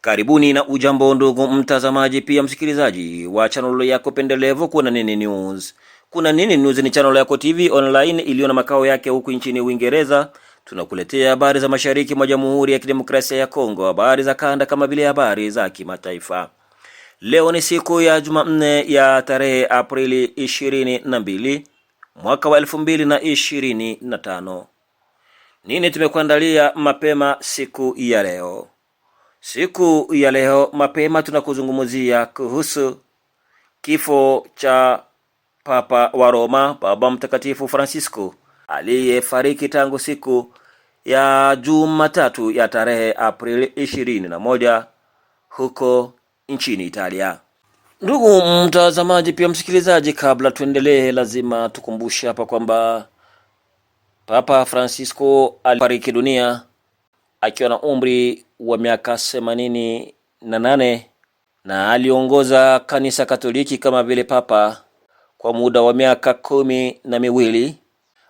Karibuni na ujambo ndugu mtazamaji, pia msikilizaji wa chanelo yako pendelevu Kuna Nini News. Kuna Nini News ni chanelo yako TV online iliyo na makao yake huku nchini Uingereza. Tunakuletea habari za mashariki mwa Jamhuri ya Kidemokrasia ya Kongo, habari za kanda kama vile habari za kimataifa. Leo ni siku ya Jumanne ya tarehe Aprili 22 mwaka wa 2025. Nini tumekuandalia mapema siku ya leo? Siku ya leo mapema tunakuzungumzia kuhusu kifo cha Papa wa Roma, Baba Mtakatifu Francisco aliyefariki tangu siku ya Jumatatu ya tarehe Aprili 21 huko nchini Italia. Ndugu mtazamaji, pia msikilizaji, kabla tuendelee, lazima tukumbushe hapa kwamba Papa Francisco alifariki dunia akiwa na umri wa miaka themanini na nane na aliongoza kanisa Katoliki kama vile papa kwa muda wa miaka kumi na miwili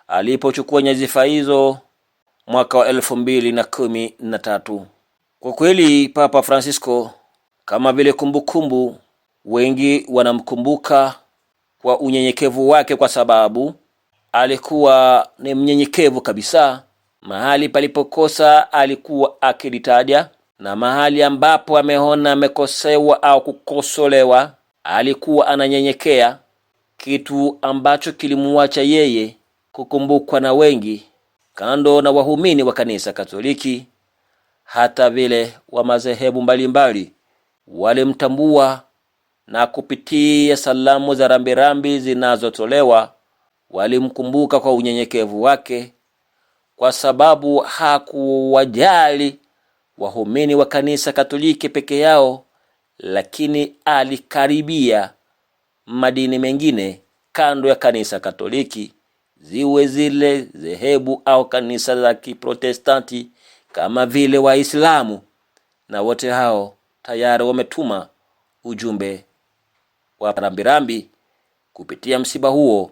alipochukua nyadhifa hizo mwaka wa elfu mbili na kumi na tatu. Kwa kweli Papa Francisco kama vile kumbukumbu, wengi wanamkumbuka kwa unyenyekevu wake, kwa sababu alikuwa ni mnyenyekevu kabisa Mahali palipokosa alikuwa akilitaja, na mahali ambapo ameona amekosewa au kukosolewa alikuwa ananyenyekea, kitu ambacho kilimuacha yeye kukumbukwa na wengi, kando na wahumini wa kanisa Katoliki, hata vile wa madhehebu mbalimbali walimtambua na kupitia salamu za rambirambi zinazotolewa walimkumbuka kwa unyenyekevu wake kwa sababu hakuwajali wahumini wa kanisa Katoliki peke yao, lakini alikaribia madini mengine kando ya kanisa Katoliki, ziwe zile dhehebu au kanisa la Kiprotestanti kama vile Waislamu, na wote hao tayari wametuma ujumbe wa rambirambi kupitia msiba huo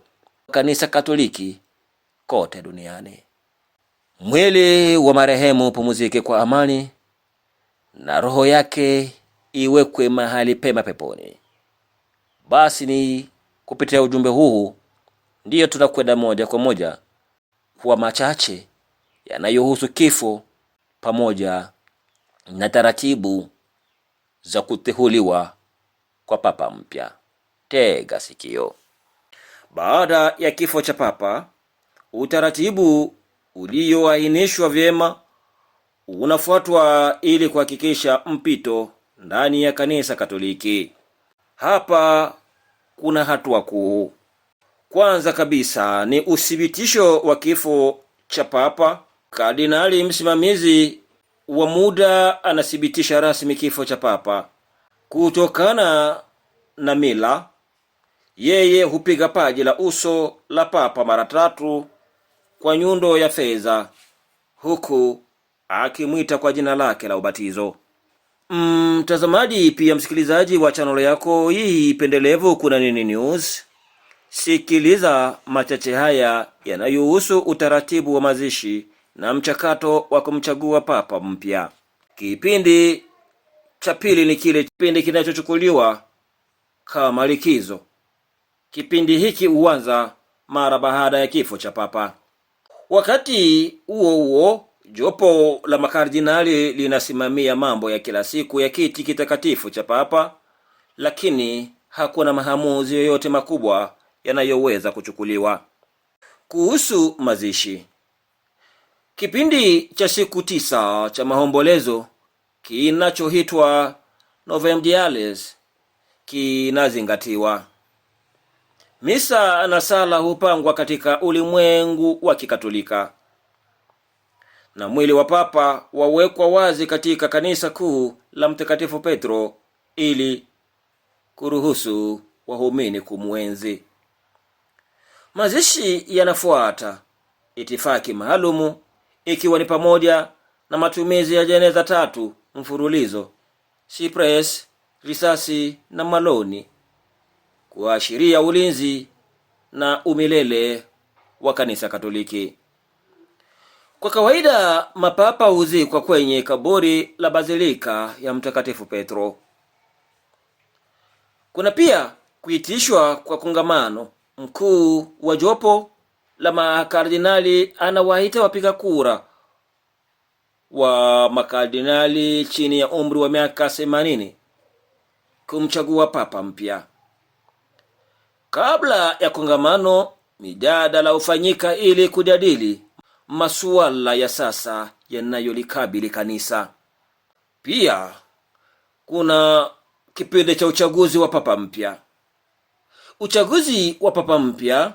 kanisa Katoliki kote duniani. Mwili wa marehemu upumzike kwa amani na roho yake iwekwe mahali pema peponi. Basi ni kupitia ujumbe huu ndiyo tunakwenda moja kwa moja kwa machache yanayohusu kifo pamoja na taratibu za kuteuliwa kwa papa mpya. Tega sikio. Baada ya kifo cha papa, utaratibu ulioainishwa vyema unafuatwa ili kuhakikisha mpito ndani ya Kanisa Katoliki. Hapa kuna hatua kuu. Kwanza kabisa ni uthibitisho wa kifo cha Papa. Kardinali msimamizi wa muda anathibitisha rasmi kifo cha Papa. Kutokana na mila, yeye hupiga paji la uso la Papa mara tatu kwa nyundo ya fedha, huku akimwita kwa jina lake la ubatizo. Mtazamaji mm, pia msikilizaji wa chanelo yako hii pendelevu Kuna Nini News, sikiliza machache haya yanayohusu utaratibu wa mazishi na mchakato wa kumchagua papa mpya. Kipindi cha pili ni kile kipindi kinachochukuliwa kama likizo. Kipindi hiki huanza mara baada ya kifo cha papa. Wakati huo huo, jopo la makardinali linasimamia mambo ya kila siku ya kiti kitakatifu cha Papa, lakini hakuna mahamuzi yoyote makubwa yanayoweza kuchukuliwa kuhusu mazishi. Kipindi cha siku tisa cha maombolezo kinachoitwa Novemdiales kinazingatiwa. Misa na sala hupangwa katika ulimwengu wa Kikatolika, na mwili wa Papa wawekwa wazi katika kanisa kuu la Mtakatifu Petro ili kuruhusu wahumini kumwenzi. Mazishi yanafuata itifaki maalumu, ikiwa ni pamoja na matumizi ya jeneza tatu mfurulizo cipres risasi na maloni waashiria ulinzi na umilele wa kanisa Katoliki. Kwa kawaida mapapa huzikwa kwenye kaburi la bazilika ya Mtakatifu Petro. Kuna pia kuitishwa kwa kongamano mkuu wa jopo la makardinali, anawaita wapiga kura wa makardinali chini ya umri wa miaka 80 kumchagua papa mpya. Kabla ya kongamano, mijadala hufanyika ili kujadili masuala ya sasa yanayolikabili kanisa. Pia kuna kipindi cha uchaguzi wa papa mpya. Uchaguzi wa papa mpya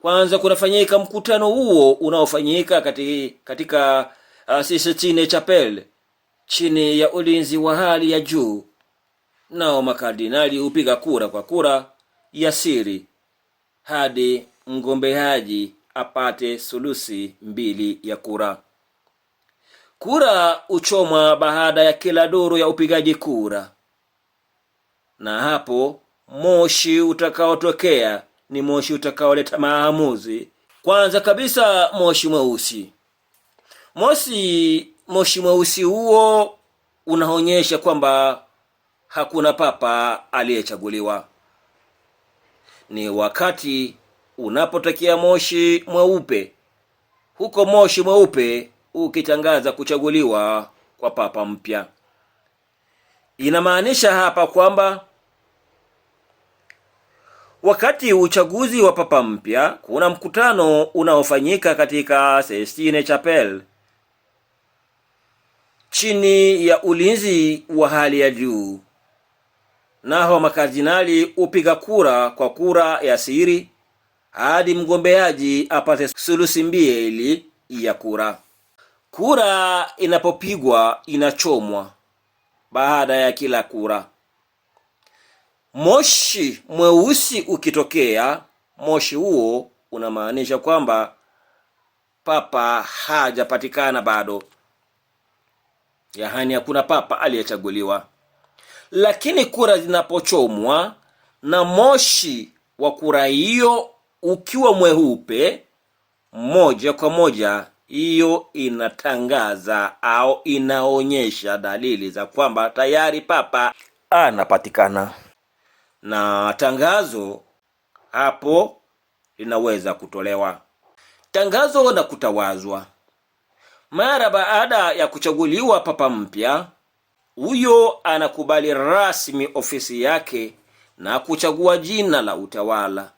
kwanza kunafanyika mkutano huo unaofanyika katika, katika uh, Sistine Chapel chini ya ulinzi wa hali ya juu, nao makardinali hupiga kura kwa kura ya siri hadi mgombeaji apate sulusi mbili ya kura. Kura huchomwa baada ya kila duru ya upigaji kura, na hapo moshi utakaotokea ni moshi utakaoleta maamuzi. Kwanza kabisa, moshi mweusi. Moshi moshi mweusi huo unaonyesha kwamba hakuna papa aliyechaguliwa ni wakati unapotokea moshi mweupe, huko moshi mweupe ukitangaza kuchaguliwa kwa papa mpya. Inamaanisha hapa kwamba wakati uchaguzi wa papa mpya, kuna mkutano unaofanyika katika sestine Chapel chini ya ulinzi wa hali ya juu naho makardinali hupiga kura kwa kura ya siri hadi mgombeaji apate sulusi mbili ya kura. Kura inapopigwa inachomwa baada ya kila kura. Moshi mweusi ukitokea, moshi huo unamaanisha kwamba papa hajapatikana bado, yaani hakuna papa aliyechaguliwa. Lakini kura zinapochomwa na moshi wa kura hiyo ukiwa mweupe, moja kwa moja hiyo inatangaza au inaonyesha dalili za kwamba tayari papa anapatikana, na tangazo hapo linaweza kutolewa tangazo na kutawazwa. Mara baada ya kuchaguliwa papa mpya, huyo anakubali rasmi ofisi yake na kuchagua jina la utawala,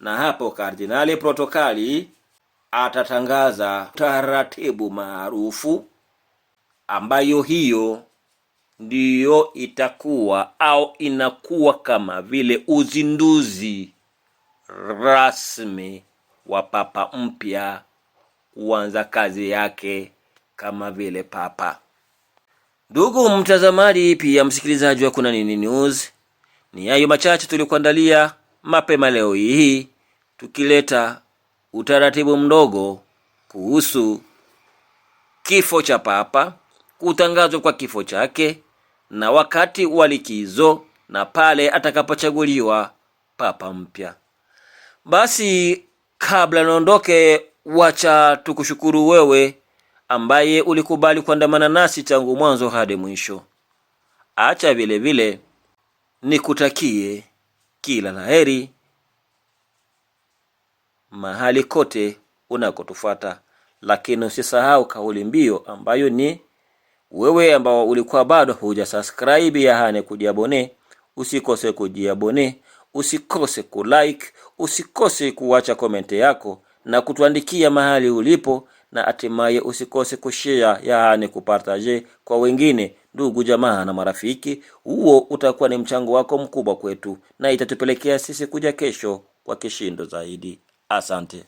na hapo Kardinali Protokali atatangaza taratibu maarufu ambayo hiyo ndiyo itakuwa au inakuwa kama vile uzinduzi rasmi wa papa mpya kuanza kazi yake kama vile papa. Ndugu mtazamaji, pia msikilizaji wa Kuna Nini News, ni hayo machache tuliokuandalia mapema leo hii, tukileta utaratibu mdogo kuhusu kifo cha Papa, kutangazwa kwa kifo chake na wakati wa likizo na pale atakapochaguliwa papa mpya. Basi kabla naondoke wacha tukushukuru wewe ambaye ulikubali kuandamana nasi tangu mwanzo hadi mwisho. Acha vilevile nikutakie kila la heri mahali kote unakotufuata, lakini usisahau kauli mbiu ambayo ni wewe ambao ulikuwa bado ya yahane kujiabone, usikose kujiabone, usikose kulike, usikose kuacha komenti yako na kutuandikia mahali ulipo na hatimaye usikose kushia yaani kupartaje kwa wengine, ndugu jamaa na marafiki. Huo utakuwa ni mchango wako mkubwa kwetu na itatupelekea sisi kuja kesho kwa kishindo zaidi. Asante.